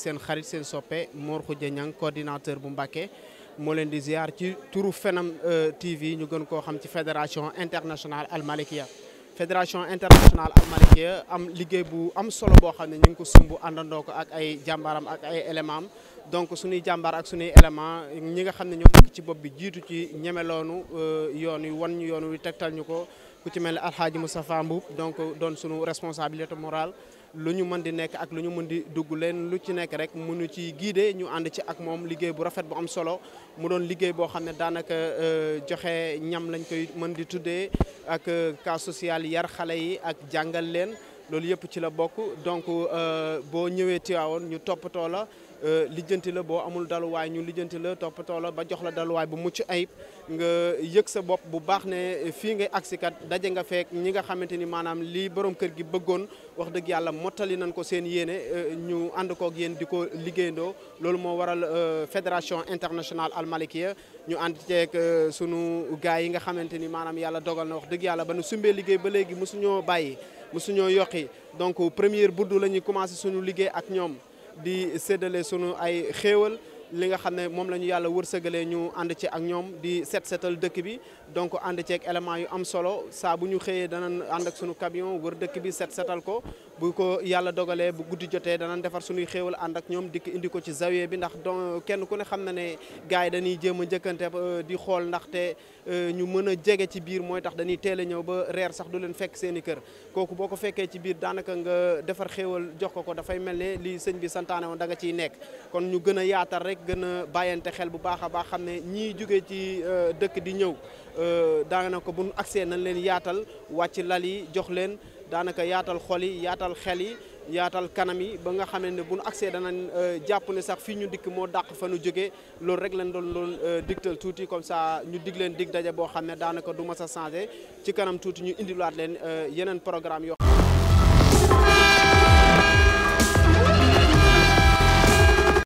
seen xarit seen soppe Mor Khoudia Niang coordinateur bu Mbacké moo leen di ziar ci turu Fenam euh, TV ñu gën koo xam ci fédération international Al Malikia fédération internationale am liggéey bu am solo boo xam ne ñu ngi ko sumb àndandoo ko ak ay jàmbaaram ak ay élément am donc suñuy jàmbaar ak sunuy élément ñi nga xam ne ñoo nekk ci bopp bi jiitu ci ñemeloonu euh, yoon wi wan ñu yoon wi tegtal ñu ko ku ci mel ne alxaaji Moustapha Mbuub donc don sunu responsabilité morale lu ñu mën di nekk ak lu ñu mën di dugg leen lu ci nekk rek mënu ci guider ñu ànd ci ak moom liggéey bu rafet bu am solo mu doon liggéey boo xam ne daanaka euh, joxe ñam lañ koy mën di tuddee ak cas sociale yar xale yi ak jàngal leen loolu yëpp ci la bokk donc euh, boo ñëwee Tiwaawoon ñu toppatoo la euh, lijjanti la boo amul daluwaay ñu lijjanti la toppatoo la ba jox la daluwaay bu mucc ayib nga yëg sa bopp bu baax ne fii nga agsi kat daje nga feek ñi nga xamante ni maanaam lii borom kër gi bëggoon wax dëgg yàlla mottali nañ ko seen yéene euh, ñu ànd koog yéen di ko liggéeyandoo loolu moo waral fédération international Al Malikia ñu ànd ceeg sunu gaay yi nga xamante ni maanaam yàlla dogal na wax dëgg yàlla ba sumbee liggéey ba léegi mosuñoo bàyyi. mosuñoo yokki donc première buddu la ñuy commencé suñu liggéey ak ñoom di séddale suñu ay xéewal li nga xam ne moom la ñu yàlla wërsëgalee ñu ànd ci ak ñoom di set setal dëkk bi donc ànd ceeg éléments yu am solo saa bu ñu xëyee dana ànd ak sunu camion wër dëkk bi set setal ko bu ko yàlla dogalee bu guddi jotee danañ defar sunuy xéewal ànd ak ñoom dikk indi ko ci zawiya bi ndax donc kenn ku ne xam na ne gars yi dañuy jéem a njëkkante euh, di xool ndaxte euh, ñu mën a jege ci biir mooy tax dañuy teel a ñëw ba reer sax du leen fekk seen i kër kooku boo ko fekkee ci biir daanaka nga defar xéewal jox ko ko dafay mel ne li sëñ santaane woon ciy nekk gën bàyyante xel bu baax a baax xam ne ñi jóge ci euh, dëkk di ñëw euh, daanaka bu nu agsee nañ leen yaatal wàcc lal yi jox leen daanaka yaatal xol yi yaatal xel yi yaatal kanam yi ba nga xam ne bu nu agsee danañ euh, jàpp ne sax fii ñu dikk moo dàq fa nu jóge loolu rek lañ doon loon digtal tuuti comme ça ñu dig leen dig daje boo xam ne daanaka du ma sa changé ci kanam tuuti ñu indilaat leen yeneen programme yoo